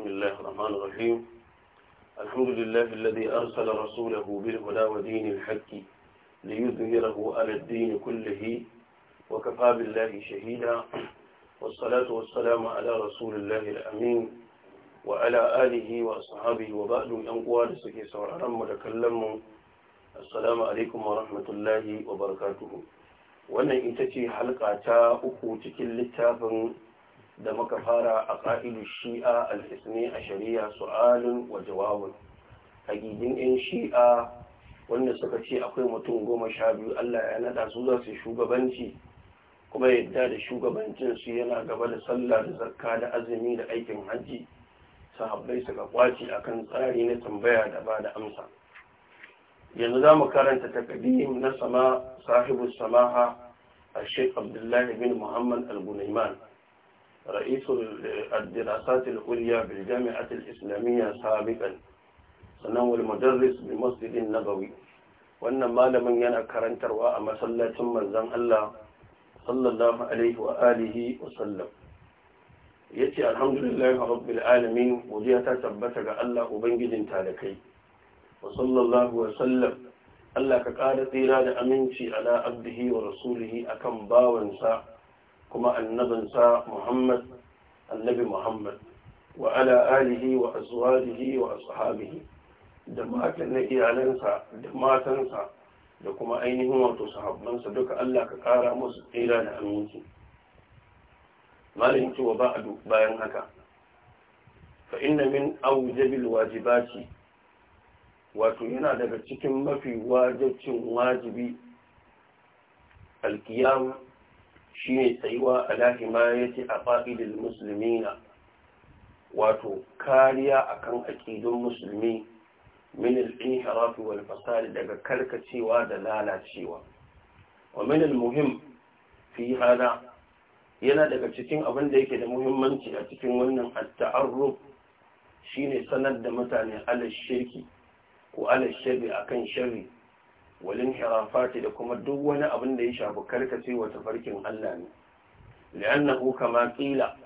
بسم الله الرحمن الرحيم الحمد لله الذي أرسل رسوله بالهدى ودين الحق ليظهره على الدين كله وكفى بالله شهيدا والصلاة والسلام على رسول الله الأمين وعلى آله وأصحابه وبعد ينقوى لسكي سورارم ولكلم السلام عليكم ورحمة الله وبركاته وأنا ita حلقة halka ta uku da muka fara a ƙa'idu shi'a al'isne a shari'a su'alin wa jawabin hagigin 'yan shi'a wanda suka ce akwai mutum goma sha biyu allah ya naɗa su za su shugabanci kuma yadda da shugabancin su yana gaba da sallah da zarka da azumi da aikin hajji sahabbai suka kwaci akan tsari na tambaya da ba da amsa yanzu za mu karanta takadim na sama sahibu samaha a sheik abdullahi bin muhammad al-gunaiman رئيس الدراسات العليا بالجامعة الإسلامية سابقا sannan walmudarris bi na nabawi wannan malamin yana karantarwa a masallacin manzon Allah sallallahu alaihi wa alihi wa sallam yace alhamdulillahi rabbil alamin godiya ta tabbata ga Allah ubangijin talakai wa sallallahu wa sallam Allah ka ƙara tsira da aminci ala abdihi wa rasulihi akan bawansa kuma annabinsa Muhammad annabi Muhammad wa ala alihi wa azwajihi wa ashabihi da matan na iyalansa da matansa da kuma ainihin wato sahabbansa duka Allah ka kara musu tsira da aminci malin cewa ba a bayan haka fa inna min awjabil wajibati wato yana daga cikin mafi wajibcin wajibi alkiyam shi ne tsayuwa a lahima ya ce a fa'idin musulmi na wato kariya a kan aƙidun musulmi min ɗin harafi wal fasari daga karkacewa da lalacewa wa min muhim fi hada yana daga cikin abin da yake da muhimmanci a cikin wannan at Shi shine sanar da mutane alashirki shirki ko alashirri a kan shari'a walin harafati da kuma duk wani abin da ya shafi karkace wa tafarkin Allah ne li'annahu kama qila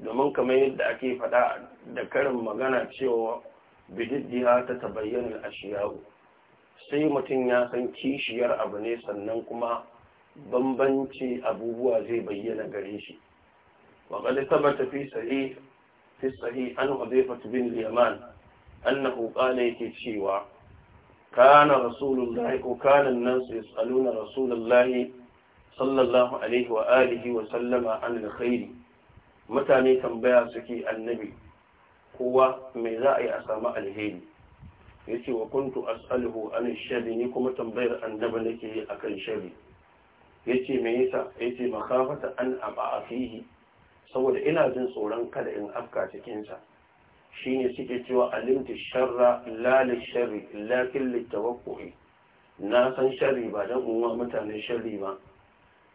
domin kamar yadda ake faɗa da karin magana cewa bididdiha ta tabayyana ashiyahu sai mutum ya san kishiyar abu ne sannan kuma bambanci abubuwa zai bayyana gare shi وقد ثبت في صحيح في الصحيح عن حذيفة بن اليمان أنه قال cewa. kana rasulullahi ko kanan nan su yasaluna rasulullahi sallallahu alaihi wa wa sallama an alkhairi mutane tambaya suke annabi kowa mai za a yi a samu alheri yace wa kuntu as'aluhu an sharri ni kuma tambayar annabi nake yi akan sharri yace me yasa yace makafata an aba fihi saboda ina jin tsoron kada in afka cikin Shi ne suke cewa alimta sharra la sharri lakin na san sharri ba dan uwa mutane sharri ba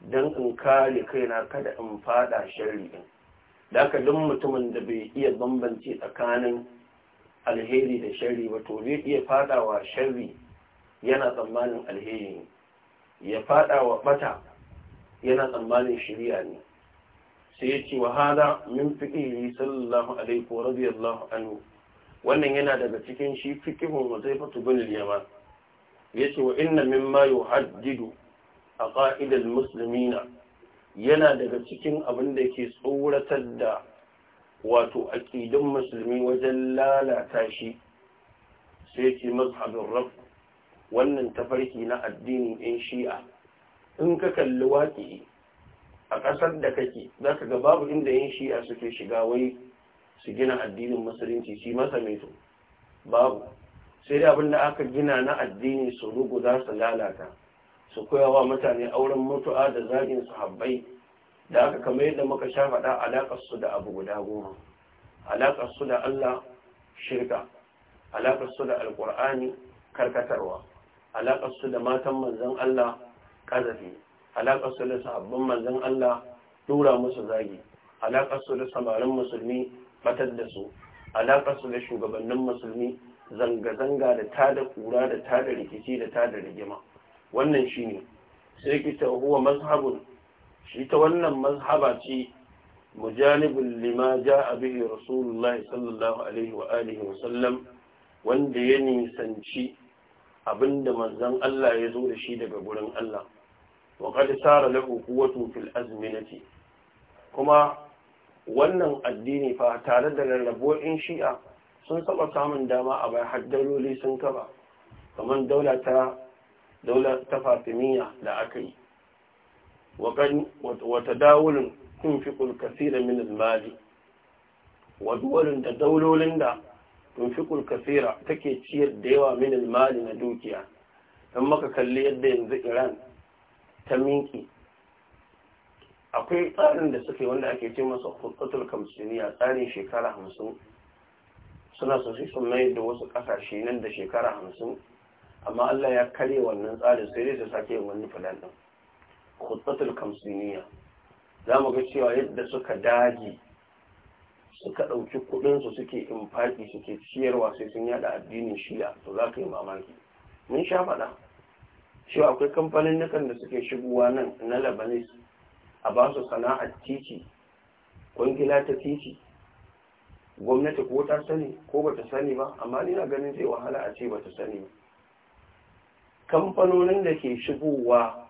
dan in kare kaina kada in fada sharri din da ka dun mutumin da bai iya bambance tsakanin alheri da sharri ba to zai iya fadawa sharri yana tsammanin alheri ne ya fada wa bata yana tsammanin shirya ne sai ya ce wa hada min fiƙihi sallallahu alaihi wa radiyallahu anhu wannan yana daga cikin shi fiƙihun wa zai fatu bin yaman ya ce wa inna mimma haddidu a ƙa'idar musulmina yana daga cikin abin da ke tsoratar da wato aƙidun musulmi wajen lalata shi sai ce mazhabin raf wannan tafarki na addinin in shi'a in ka kalli waƙi a ƙasar da kake za ka ga babu inda yin shi'a suke shiga wai su gina addinin musulunci shi masa mai babu sai da abin da aka gina na addini su rugu za su lalata su koyawa mutane auren mutu'a da zagin habbai, da aka kama yadda muka sha faɗa alaƙar da abu guda goma alaƙar da Allah shirka alaƙar da alƙur'ani karkatarwa alaƙar da matan manzon Allah ƙazafi alaƙar su da sahabban manzan Allah tura musu zagi alaƙar su da samarin musulmi batar da su alaƙar su da shugabannin musulmi zanga-zanga da da kura da da rikici da da rigima wannan ne, sai kita huwa mazhabun shi ta wannan mazhaba ce mujanibin lima a bihi rasulullahi sallallahu alaihi wa alihi wa sallam wanda ya nisanci abinda manzon Allah ya zo da shi daga gurin Allah wa qad sara lahu quwwatu fil azminati kuma wannan addini fa tare da rarrabuwar shi'a sun saba samun dama a bai haddaloli sun kaba kamar daula ta daula ta fatimiyya da aka yi wata tadawulin tunfiqul fi min al-mali wa duwalin da daulolin da fi kaseera take ciyar da yawa min al-mali na dukiya don maka kalli yadda yanzu Iran ta minki akwai tsarin da suke wanda ake ce masa hukutul kamsiniya tsarin shekara hamsin suna so sun mai da wasu kasashe nan da shekara hamsin amma Allah ya kare wannan tsarin sai dai su sake yin wani filan din hukutul kamsiniya za mu ga cewa yadda suka daji suka ɗauki kuɗinsu suke infaki suke ciyarwa sai sun yada addinin shi'a to za ka yi mamaki mun sha faɗa cewa akwai kamfanin nukan da suke shigowa nan na labanis a ba su sana'ar titi kwangila ta titi gwamnati ko ta sani ko ba ta sani ba amma nina ganin zai wahala a ce ba ta sani ba kamfanonin da ke shigowa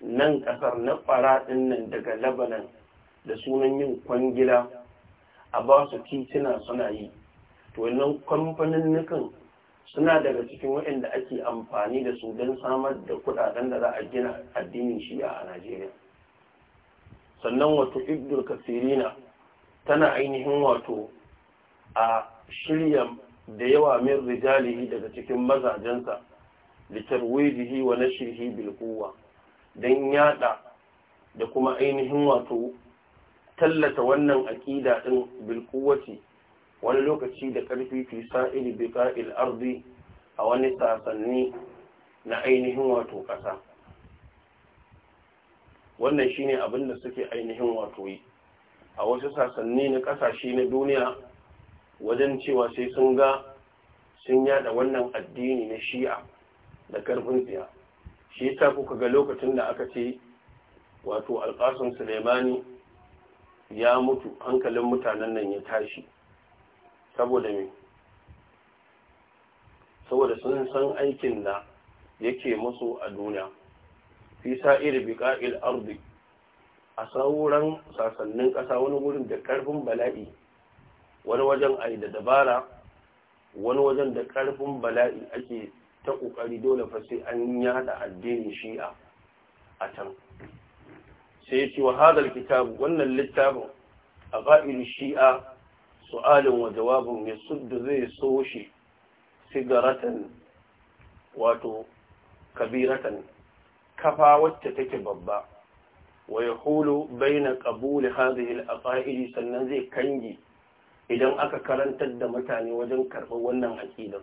nan kasar na faraɗin nan daga labanan da sunan yin kwangila a ba su titina suna yi to wannan kamfanin nukan suna daga cikin waɗanda ake amfani da su don samar da kudaden da za a gina addinin shi'a a najeriya sannan wato ibdul kasirina tana ainihin wato a shirya da yawa min rijalihi daga cikin mazajensa da tarwijihi wa na bil quwwa dan yada da kuma ainihin wato tallata wannan aƙida din bil wani lokaci da karfi fi sa'ili bi ƙa'il ardi a wani sasanni na ainihin wato ƙasa wannan shine abin da suke ainihin wato yi a wasu sasanni na ƙasashe na duniya wajen cewa sai sun ga sun yada wannan addini na shi'a da karfin tsiya shi ta kuka ga lokacin da aka ce wato alƙasun sulemani ya mutu hankalin mutanen nan ya tashi saboda me saboda sun san aikin da yake masu a duniya fi sa'ir biqa'il ardi a sauran sasannin ƙasa wani wurin da ƙarfin bala'i wani wajen ai da dabara wani wajen da ƙarfin bala'i ake ta ƙoƙari dole fa sai an yada addinin shi'a a can sai ce wa hadal kitabu wannan littafin a shi'a su'alin wa jawabin ya suddu zai so shi sigaratan wato kabiratan kafa wacce take babba wa ya hulu bai na ƙabuli hazihil a ƙa'iri sannan zai kangi idan aka karantar da mutane wajen karɓar wannan aƙidar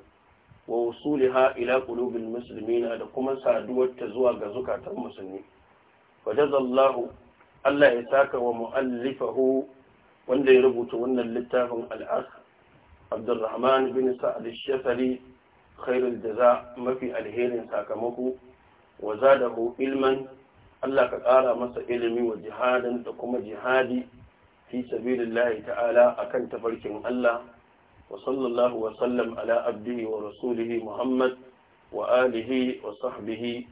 wa wasuliha ila musulmi na da kuma saduwar ta zuwa ga zukatan musulmi wajazallahu Allah ya saka wa mu'allifahu wanda ya rubuta wannan littafin al'as abdurrahman bin sa'ad shafari khairul jaza mafi alherin sakamako wa zadahu ilman Allah ka ƙara masa ilimi wa jihadan da kuma jihadi fi sabilillahi ta'ala akan tafarkin Allah wa sallallahu wa sallam ala abdihi wa rasulihi Muhammad wa alihi wa sahbihi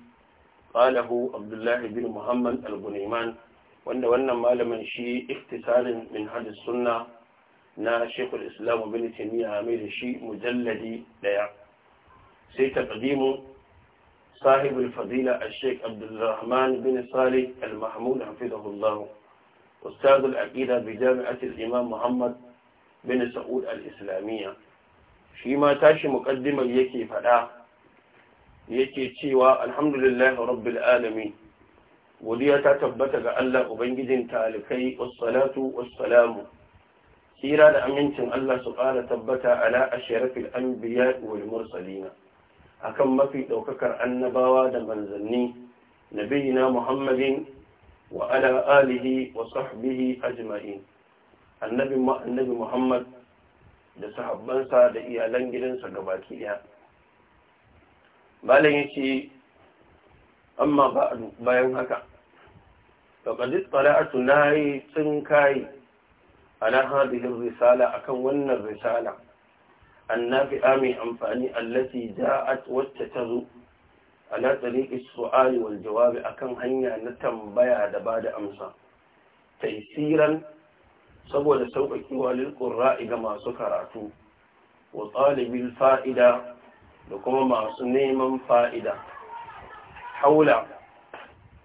qalahu abdullahi bin Muhammad al wanda wannan malamin shi iktisalin min hadis sunna na shekul islam bin taimiyya mai da shi mujalladi daya sai taqdimu صاحب الفضيلة الشيخ عبد الرحمن بن صالح المحمود حفظه الله أستاذ العقيدة بجامعة الإمام محمد بن سعود الإسلامية فيما تاشي مقدمة يكي فلا يكي تيوى الحمد لله رب العالمين godiya ta tabbata ga Allah Ubangijin talikai wassalatu wassalamu tsira da amincin Allah su ƙara tabbata ala a sharafin an biya wal mursalina akan mafi ɗaukakar annabawa da manzanni nabiyina Muhammadin wa ala alihi wa sahbihi ajma'in annabi annabi Muhammad da sahabbansa da iyalan gidansa gabaki ɗaya malam yace amma ba bayan haka فقد اطلعت ناي تنكاي على هذه الرسالة أكن ون الرسالة النافئة من أنفاني التي جاءت واتتذو على طريق السؤال والجواب أكن هنيا نتنبيع دباد أمسا تيسيرا سبو لسوقك للقراء كما سكراتو وطالب الفائدة لكم ما سنيما فائدة حول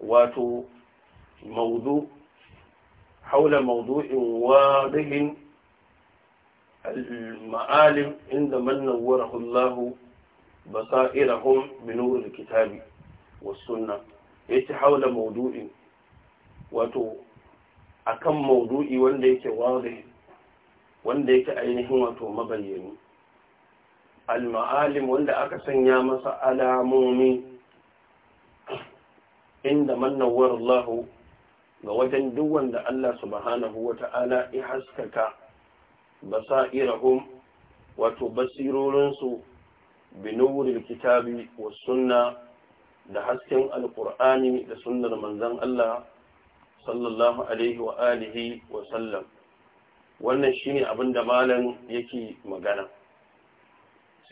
واتو موضوع حول موضوع واضح المعالم عند من نوره الله بصائرهم بنور الكتاب والسنة يتي حول موضوع واتو أكم موضوع وان يتي واضح wanda yake ainihin مبين المعالم al-ma'alim wanda aka على masa alamomi نور الله Allahu ga wajen duk wanda Allah subhanahu wa ta'ala ya haskaka basairahum wato basirorinsu binuwar kitabi wa sunna da hasken alƙur'ani da sunnar manzon Allah sallallahu alaihi wa alihi wa sallam wannan shine abin da malam yake magana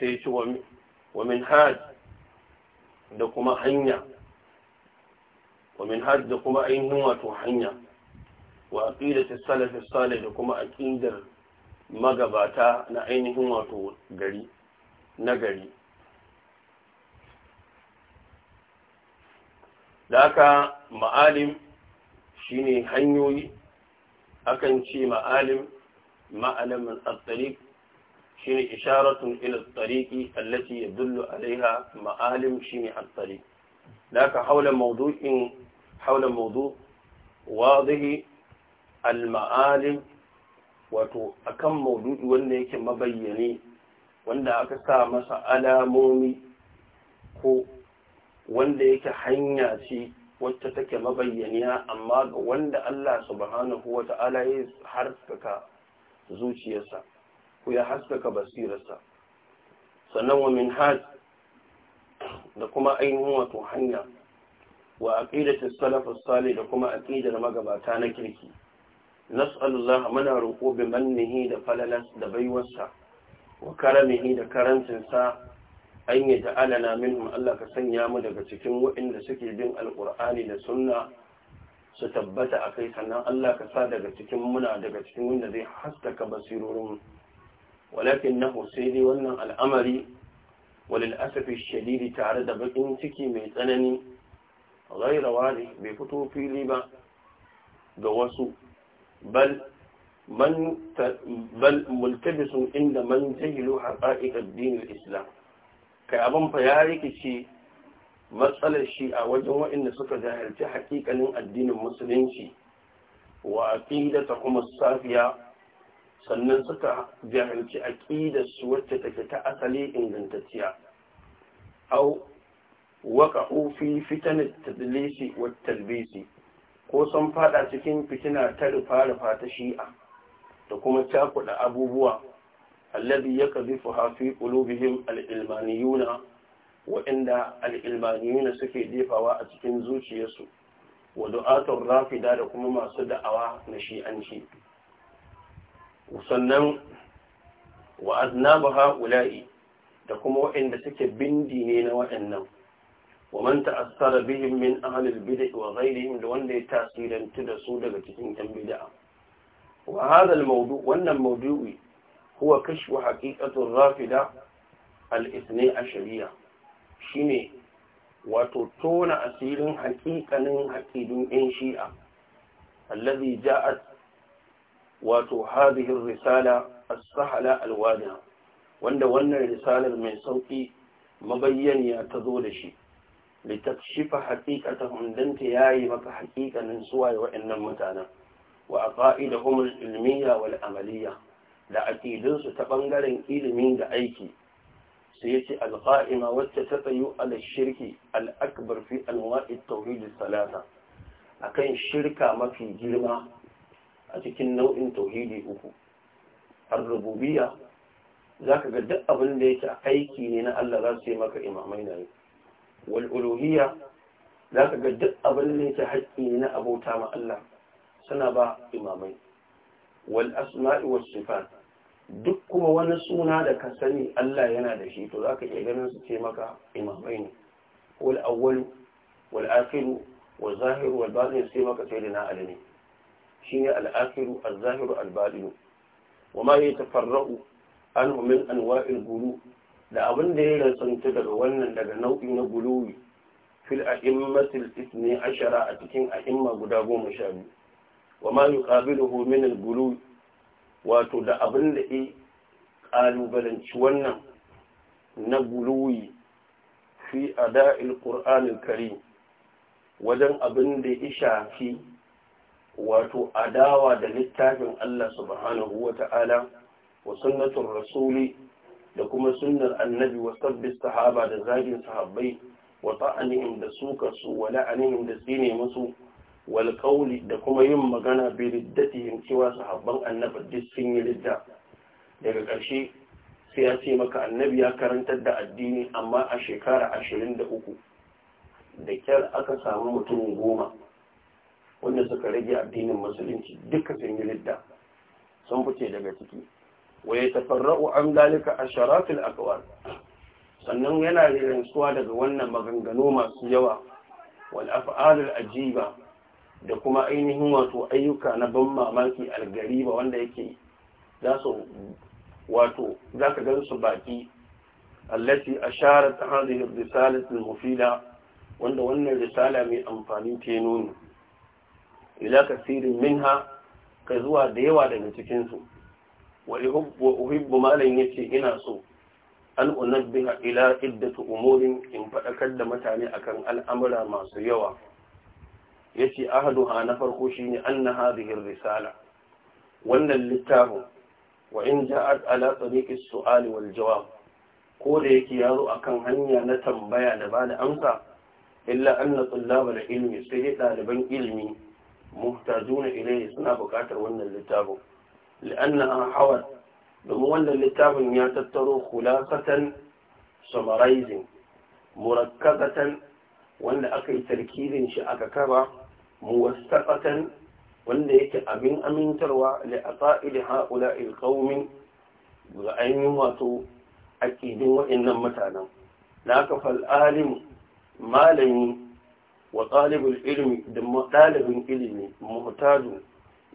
sai ci wa min hajj da kuma hanya ومن هذا كما أينهم وتوحنيا وعقيدة السلف الصالح كما أكيدر magabata na ainihin wato gari na gari da aka ma'alim shine hanyoyi akan ce ma'alim ma'alamin al shine isharatun ila al-tariqi allati yadullu alaiha ma'alim shine al-tariq da aka haula حول موضوع واضح المعالم wato akan maududi wanda yake mabayyane wanda aka sa masa alamomi ko wanda yake hanya ce wacce take mabayyaniya amma ga wanda Allah subhanahu wa ala ya haskaka zuciyarsa ko ya haskaka basirarsa sannan wa haj da kuma ainihin wato hanya wa aqidatu salaf as-salih da kuma aqidar magabata na kirki nas'alullah muna roƙo bi mannihi da falalas da baiwarsa wa karamihi da sa an yi min minhum Allah ka sanya mu daga cikin waɗanda suke bin alƙur'ani da sunna su tabbata a kai sannan Allah ka sa daga cikin muna daga cikin wanda zai haskaka basirorin walakin na sai dai wannan al'amari walil asafi shadidi tare da bakin ciki mai tsanani غير واني بفتو في لما دوسو بل من بل ملتبس عند من تجلو حقائق الدين الاسلام كابن فياري كشي مسألة الشيعة وجوا إن سكة جاهل حقيقة الدين المسلم شي وعقيدة تقوم الصافية سنن سكة جاهل شي أكيدة إن تتكتأ أو waƙa'u fi fitanin tadlisi wa talbisi ko sun fada cikin fitina ta rufa-rufa ta shi'a da kuma cakuɗa abubuwa allazi ya kazifu hafi ƙulubihim al'ilmaniyuna waɗanda al'ilmaniyuna suke jefawa a cikin zuciyarsu wa rafida da kuma masu da'awa na shi'anci sannan wa aznabu ha'ula'i da kuma waɗanda suke bindi ne na waɗannan ومن تأثر بهم من أهل البدع وغيرهم لولي تأثيرا تدسوا لغتهم البدع وهذا الموضوع وأن الموضوع هو كشف حقيقة الرافدة الاثني عشرية شيني وتطون أسير حقيقة حقيد إن شيئا الذي جاءت وتو هذه الرسالة السهلة الواضحة وأن وأن الرسالة من صوتي مبين تذول شيء litashifa haqiqatahum dan tayi maka haqiqanin suwa wa'annan mutana wa aqaidahum al-ilmiya wal amaliya da aqidun su ta bangaren ilimi da aiki sai yace al-qa'ima wacce ta tsayu ala shirki al-akbar fi anwa'i at akan shirka mafi girma a cikin nau'in tauhidi uku ar-rububiyya zaka ga duk abin da yake aiki ne na Allah za su yi maka imamai na wal'uluhiyya za ka ga duk abin da yake haƙƙi na abota ma Allah suna ba imamai wal asma'i was duk kuma wani suna da ka sani Allah yana da shi to za ka iya ganin su ce maka imamai ne wal awwalu wal akhiru wal zahiru wal sai maka sai da na alani shine al Al'afiru al zahiru al batin وما يتفرع عنه من أنواع الغلو da abin da ya rantsanta daga wannan daga nau'i na guluwi fil a'immatil isni ashara a cikin a'imma guda goma sha biyu wa ma yuqabiluhu min al-guluwi wato da abin da ya kalubalanci wannan na guluwi fi ada'il qur'anil karim wajen abin da ya shafi wato adawa da littafin Allah subhanahu wa ta'ala wa sunnatun rasuli da kuma sunnar annabi wa sabbi sahaba da zagin sahabbai wa ta'anihim da suka su wa la'anihim da tsine musu wal qawli da kuma yin magana bi riddatihim cewa sahabban annabi duk sun yi ridda daga ƙarshe sai ya ce maka annabi ya karantar da addini amma a shekara ashirin da uku da kyar aka samu mutum goma wanda suka rage addinin musulunci duka sun yi ridda sun fice daga ciki ويتفرع عن ذلك عشرات الأقوال sannan yana rantsuwa daga wannan maganganu masu yawa wal af'alul ajiba da kuma ainihin wato ayyuka na ban mamaki algariba wanda yake za su wato za ka gan su baki allati a shara ta risalatu al-mufida wanda wannan risala mai amfani ta nuni ila kasirin minha ka zuwa da yawa daga cikin su wa Malam ya yace ina so an unabbiha ila iddatu umurin in faɗakar da mutane akan al'amura masu yawa yace ahaduha na farko shine anna hadhihi risala wannan littafin wa in ja'at ala tariqi su'al wal jawab ko da yake yaro akan hanya na tambaya da bada amsa illa anna tullaba da ilmi sai daliban ilimi muhtajuna ilayhi suna buƙatar wannan littafin لأنها حوت بمولى لتاب يات الطروخ خلاقة سمريز مركبة وان أكي تركيز شأك كبا موثقة وان ليك أمين أمين تروى لأطاء لهؤلاء القوم بأين واتو أكيد وإن متانا لك فالآلم مالني وطالب العلم دم طالب علمي مهتاد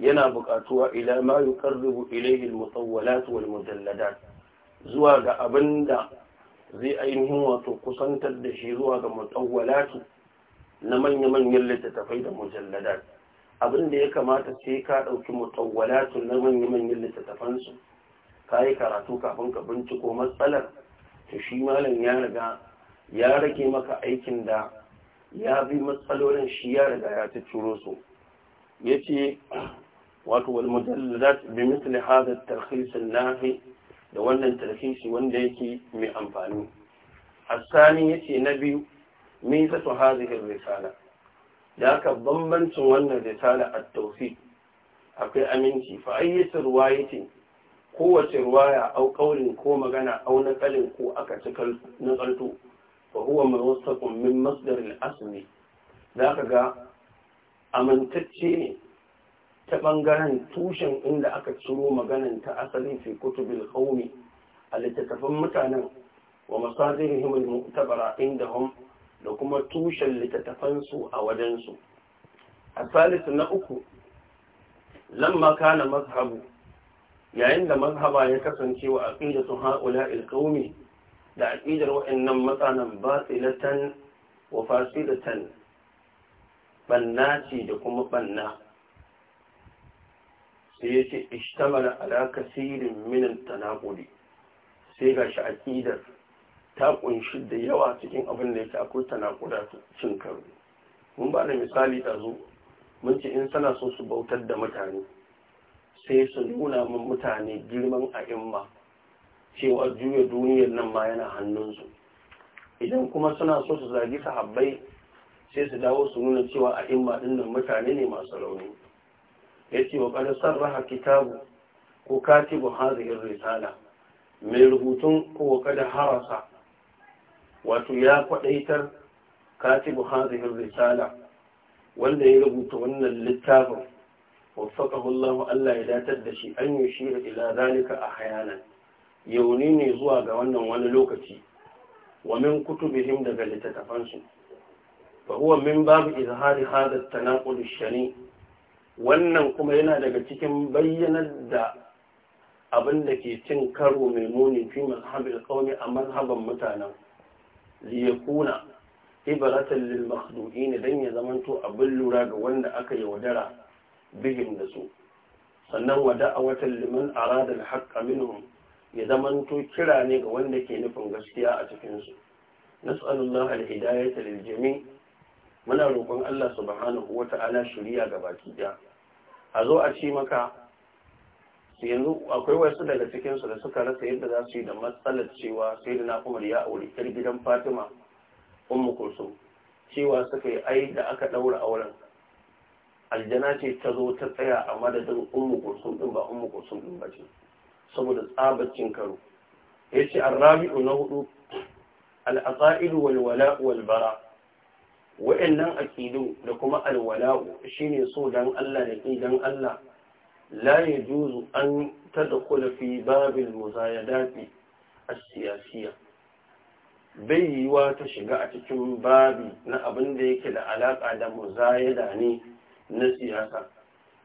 yana buƙatuwa ila ma yuqarribu ilayhi al-musawwalat wal mujalladat zuwa ga abinda zai ainihin wato kusantar da shi zuwa ga musawwalatu na manya-manyan littattafai da mujalladat abinda ya kamata sai ka ɗauki musawwalatu na manya-manyan littattafansu ka yi karatu kafin ka binciko matsalar to shi malam ya riga ya rage maka aikin da ya bi matsalolin shi ya riga ya ta ciro su ya ce wato wal mujalladat bi mithli hadha at-tarkhis an-nafi da wannan tarhisi wanda yake mai amfani asani yace na biyu me ta su hadhihi risala da haka bambancin wannan risala at-tawfiq akwai aminci fa ayyatu riwayati kowace riwaya au kaulin ko magana au naqalin ko aka cikal naqalto fa huwa mawsaqun min masdar al-asli da ga amintacce ne ta ɓangaren tushen inda aka ciro maganan ta asali fi kutubil qawmi a littattafan mutanen wa masadirihim al-mu'tabara indahum da kuma tushen littattafan su a wajen su asalis na uku lamma kana mazhabu yayin da mazhaba ya kasance wa aqidatu ha'ula'il qawmi da aqidar wa'annan mutanen batilatan wa fasidatan banna ce da kuma banna sai ya ce ishtamala ala kasirin minan tanakuli sai ga shi aƙidar ta kunshi da yawa cikin abin da yake akwai tanakuda cin karo mun ba da misali da zo mun ce in sana so su bautar da mutane sai su nuna min mutane girman a'imma cewa juya duniyar nan ma yana hannunsu idan kuma suna so su zagi sahabbai sai su dawo su nuna cewa a'imma ɗin nan mutane ne masu rauni yake wa ƙada sarraha kitabu ko katibin hazirin risala mai rubutun ko ƙada harasa wato ya kwaɗaitar katibin hazirin risala wanda ya rubuta wannan littafin wafakahu Allah Allah ya datar da shi an yi shi ila zalika a hayanan yau ne zuwa ga wannan wani lokaci wamin kutubihim daga littattafansu fa huwa min babu izhari hadha at-tanaqul ash-shari' wannan kuma yana daga cikin bayyanar da abin da ke cin karo mai muni fi mazhabil qawmi a mazhaban mutanen liyakuna ibaratan lil ne dan ya zamanto abin lura ga wanda aka yaudara bihim da su sannan watan liman arada al minhum ya zamanto kira ne ga wanda ke nufin gaskiya a cikin su nas'alullahi al lil jami' muna roƙon Allah subhanahu ta'ala shiriya ga baki da a zo a ci maka yanzu akwai wasu daga cikinsu da suka rasa yadda za su yi da matsalar cewa sai da na kuma ya aure yar gidan fatima ummu kursu cewa suka yi ai da aka ɗaura auren aljana ce ta zo ta tsaya a madadin ummu kursu din ba ummu kursu din ba ce saboda tsabacin karo yace Rabi'u na hudu al-asa'idu wal wala wal bara wa'annan aqidu da kuma alwala'u ne so dan Allah da ki don Allah la juzu, an babin fi ya muzayadati a siyasiya. bai yiwuwa ta shiga a cikin babi na abin da yake da alaƙa da muzayada ne na siyasa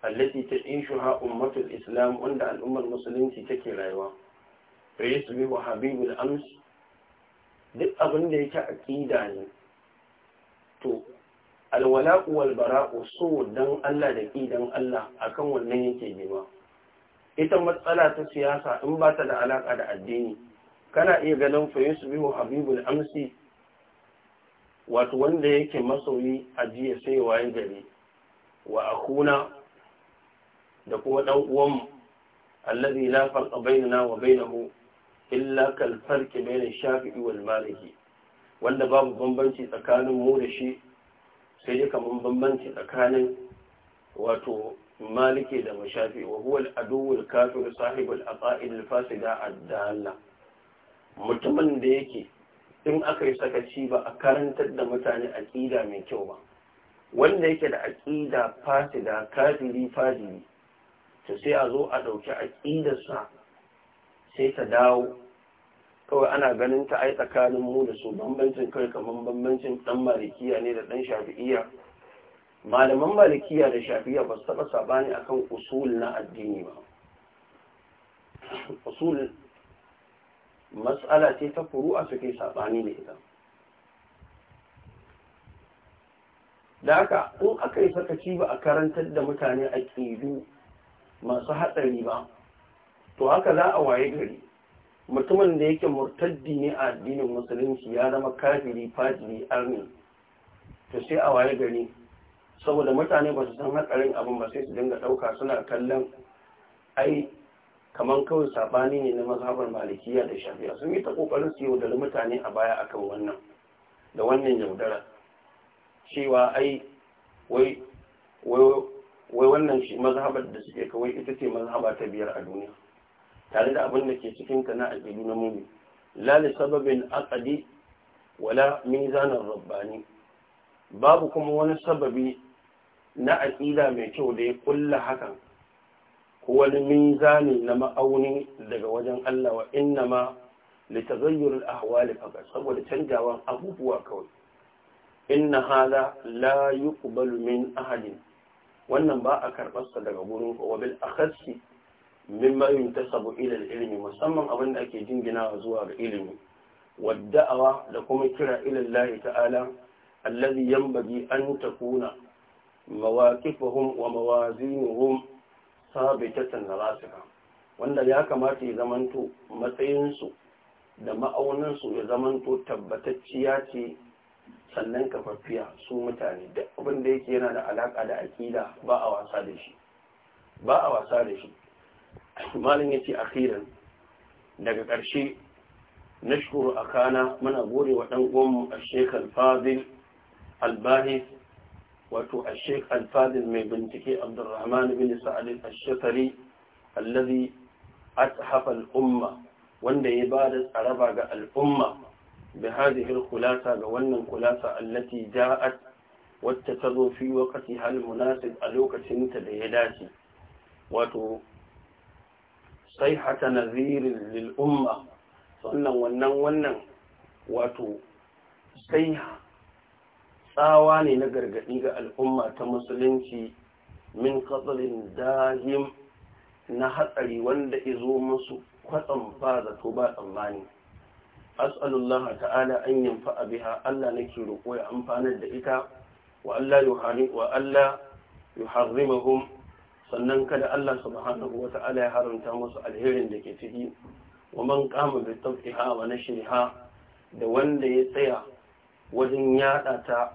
التي تعيشها أمة الإسلام عند الأمة المسلمة تكي رايوا فيسبب حبيب الأمس duk abin da yake aƙida ne to alwalaku wal bara'u so dan Allah da ki dan Allah akan wannan yake girma ita matsala ta siyasa in ba ta da alaka da addini kana iya ganin fa yusbihu habibul amsi wato wanda yake masoyi a jiya sai waye gari wa akuna da kuma dan uwan allazi la farqa bainana wa bainahu illa kal farqi bainash shafi'i wal maliki wanda babu bambanci tsakanin mu da shi sai dai kamar bambanci tsakanin wato maliki da mashafi wa huwa al aduwul kafir sahibul aqaid al-fasida ad-dalla mutumin da yake in aka yi sakaci ba a karantar da mutane aqida mai kyau ba wanda yake da aqida fasida kafiri fajiri to sai a zo a dauki sa sai ta dawo kawai ana ganin ta ai tsakanin mu da su bambancin kai kamar bambancin dan malikiya ne da dan shafi'iyya malaman malikiya da shafi'iyya ba su taba sabani akan usul na addini ba usul mas'ala ce ta furu'a suke sabani ne ita da haka in aka yi sakaci ba a karantar da mutane a ƙidu masu hatsari ba to haka za a waye gari mutumin da yake murtaddi ne a addinin musulunci ya zama kafiri fajiri armi to sai a waye gari saboda mutane ba su san hatsarin abin ba sai su dinga ɗauka suna kallon ai kamar kawai sabani ne na mazhabar malikiya da shafiya sun yi ta kokarin su yaudari mutane a baya akan wannan da wannan yaudara cewa ai wai wai wannan mazhabar da suke kawai ita ce mazhaba ta biyar a duniya tare da abin da ke cikin ka na aqidu na mumi la sababin aqdi wala mizanin rabbani babu kuma wani sababi na aƙida mai kyau da ya kulla hakan ko wani mizani na ma'auni daga wajen Allah wa innama li taghayyur al-ahwal faqat saboda canjawan abubuwa kawai inna hada la yuqbalu min ahadin wannan ba a karɓarsa daga gurin kowa bil akhassi mimma yuntasabu ila ilmi musamman abin da ake jinginawa zuwa ga ilimi wadda'awa da kuma kira ila Allah ta'ala alladhi yanbaghi an takuna mawaqifuhum wa mawazinuhum sabitatan rasika wanda ya kamata ya zamanto matsayinsu da ma'aunansu ya zamanto tabbatacciya ce sannan kafaffiya su mutane da abin da yake yana da alaka da aƙida ba a wasa da shi ba a wasa da shi malin ya ce akhiran daga ƙarshe na shukuru a kana muna gode wa ɗan gwamu a sheik alfazil albahis wato a sheik alfazil mai bincike abdurrahman bin sa'adin al-shakari allazi athafa al-umma wanda ya ba da tsaraba ga al'umma bi hadhihi al-khulasa ga wannan khulasa allati ja'at wacce ta zo fi waqti hal munasib a lokacin ta da ya dace wato saihata nazirin lil'umma sannan wannan wannan wato saiha tsawa ne na gargaɗi ga al'umma ta musulunci min katsalin dahim na hatsari wanda izo musu kwatsam ba zato ba tsammani as'alullah ta'ala an yanfa biha Allah nake roƙo ya amfanar da ita wa Allah yuharrimahum sannan kada Allah subhanahu wata'ala ya haramta masu alherin da ke ciki wa man qama bi tabqiha wa nashriha da wanda ya tsaya wajen yada ta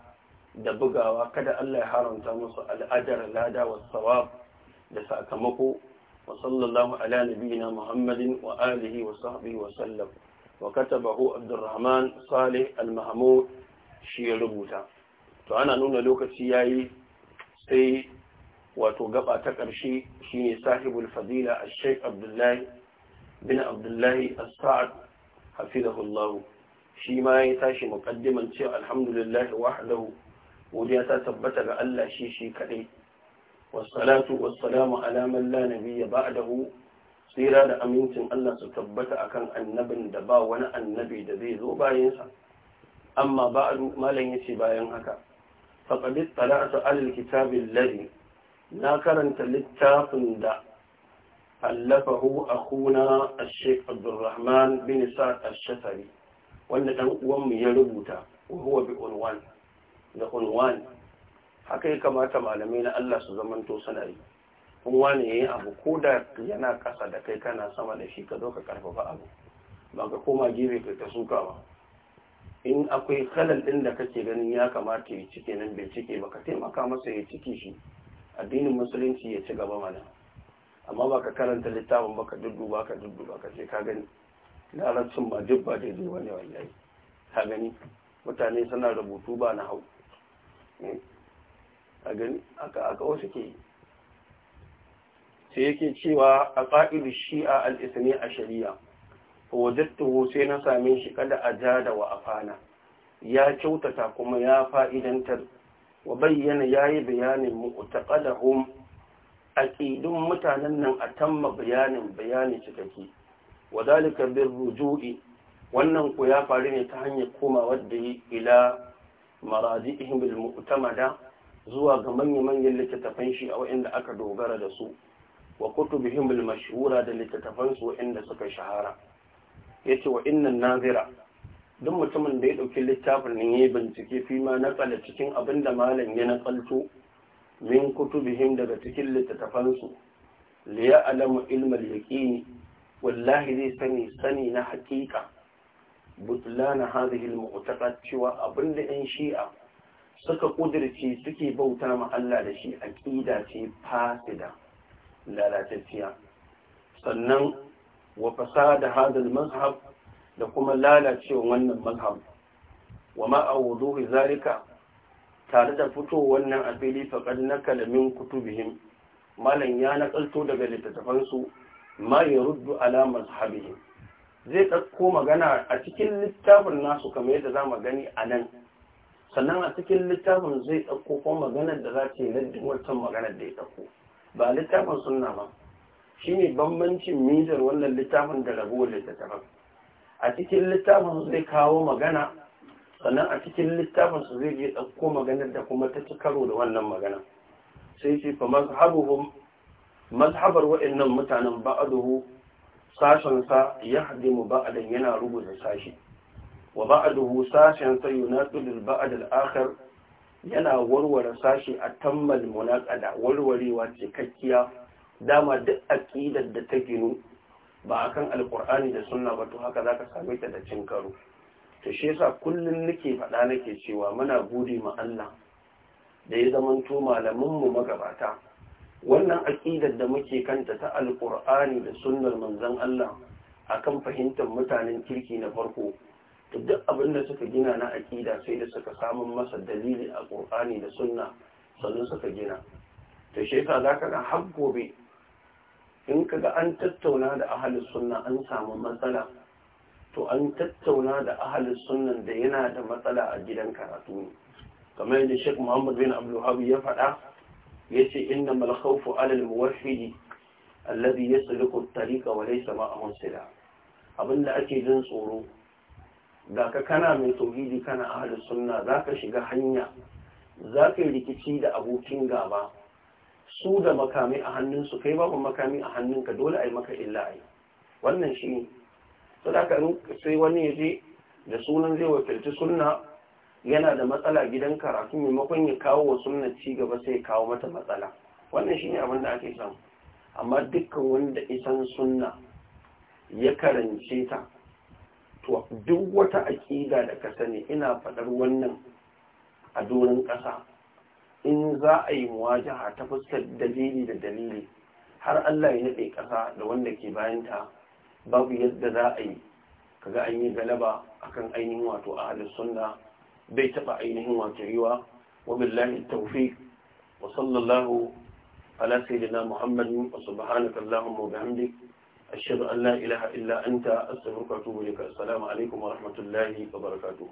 da bugawa kada Allah ya haramta masu al'ajar lada wa sawab da sakamako wa sallallahu ala muhammadin wa alihi wa sahbihi wa sallam wa katabahu abdurrahman salih al-mahmud shi ya rubuta to ana nuna lokaci yayi sai wato gaba ta ƙarshe shine sahibul fadila a sheikh abdullahi bin abdullahi a saad hafizahullahu shi ma ya tashi muqaddiman cewa alhamdulillahi wahdahu godiya ta tabbata ga Allah shi shi kadai wassalatu wassalamu alaman lanabi ya nabiyya ba'dahu tsira da amincin Allah su tabbata akan annabin da ba wani annabi da zai zo bayansa amma ba'du malam yace bayan haka faqad tala'tu alal kitabil ladhi na karanta littafin da allafahu kuna a sheik Abdulrahman bin Sa'ad ash-Shafi'i wanda ɗan uwan ya rubuta huwa bi unwan da unwan haka ya kamata malamai na Allah su zamanto suna yi unwan ne yayin abu ko da yana kasa da kai kana sama da shi ka zo ka karfafa abu ba ka koma gefe ka ta suka ba in akwai halal din da kake ganin ya kamata ya cike nan bai cike ba ka taimaka masa ya cike shi addinin musulunci ya ci gaba mana amma ba ka karanta littafin ba ka dudduba ka dudduba ka ce ka gani sun ba duk ba daidai ba ne wallahi ka gani mutane suna rubutu ba na hau eh? a gani aka aka wasu ke yi sai yake cewa a ƙa'idu shi'a al'isani a shari'a wajattahu sai na same shi kada a ja da wa afana ya kyautata kuma ya fa'idantar وبين ياي بيان مؤتقلهم أكيد متعنن أتم بيان بيان شككي وذلك بالرجوع وأنهم قياف علينا تهني كوما ودي إلى مراجئهم المؤتمدة زوا غمني من يلي تتفنشي أو إن أكدو غرد سوء وكتبهم المشهورة اللي تتفنس وإن سكي شهارة يتي وإن الناظرة duk mutumin da ya ɗauki littafin nan ya bincike fi ma naƙala cikin abin da malam ya naƙalto min bihim daga cikin littattafansu liya ya alamu ilmal yaqini wallahi zai sani sani na haƙiƙa butlana hadhihi al cewa abin da yan shi'a suka ƙudirce suke bauta ma Allah da shi aqida ce fasida lalatacciya sannan wa fasa da hadal mazhab da kuma lalacewa wannan mazhab wa ma a zalika tare da fito wannan a fili faƙar na kalamin kutubihim malam ya nakalto daga littattafansu ma ya ruddu ala mazhabihim zai ɗauko magana a cikin littafin nasu kamar yadda za mu gani a nan sannan a cikin littafin zai ɗauko ko maganar da za ta yi na wancan maganar da ya ɗauko ba littafin sunna ba shine bambancin mizar wannan littafin da rabuwar littattafansu. a cikin littafin zai kawo magana sannan a cikin littafin zai je ɗauko maganar da kuma ta ci karo da wannan magana sai ce fa mazhabar waɗannan mutanen ba'aduhu sashen sa ya mu ba'adan yana rubuta sashi wa ba'aduhu sashen sa yunaqidul ba'ad akhar yana warware sashi a tammal munaqada warwarewa cikakkiya dama duk aqidar da ta ginu ba a kan alkur'ani da sunna ba to haka za ka same ta da cin karo ta shi yasa kullum nake faɗa nake cewa muna gudi ma Allah da ya zamanto malaman mu magabata wannan aqidar da muke kanta ta alkur'ani da sunnar manzon Allah akan fahimtar mutanen kirki na farko to duk abin da suka gina na aƙida sai da suka samu masa dalili a Qur'ani da Sunna sannan suka gina to shi yasa zaka ga har gobe in kaga an tattauna da ahalin sunna an samu matsala to an tattauna da ahalin sunnan da yana da matsala a gidan karatu ne kamar yadda Sheikh Muhammad bin Abdul ya faɗa ya ce inna mal khawfu muwafiri al muwahhid alladhi yasluku at-tariqa wa laysa ma'ahu sila abinda ake jin tsoro da ka kana mai tauhidi kana ahalin sunna zaka shiga hanya zaka yi rikici da abokin gaba su da makami a hannunsu kai babu makami a hannunka dole a yi maka illa a yi wannan shi ne sai wani ya je da sunan zai wakilci sunna yana da matsala gidan karatu maimakon ya kawo wa sunna ci gaba sai ya kawo mata matsala wannan shi ne abin da ake samu amma dukkan wanda isan sunna ya karance ta to duk wata aƙida da ka sani ina faɗar wannan a doron ƙasa in za a yi muwajaha ta fuskar dalili da dalili har Allah ya naɗe ƙasa da wanda ke bayanta babu yadda za a yi kaga an yi galaba akan ainihin wato ahlus sunna bai taba ainihin wato riwa wa billahi tawfiq wa sallallahu ala sayyidina muhammadin wa subhanaka allahumma wa bihamdik ashhadu an la ilaha illa anta astaghfiruka wa atubu ilaik assalamu alaikum wa rahmatullahi wa barakatuh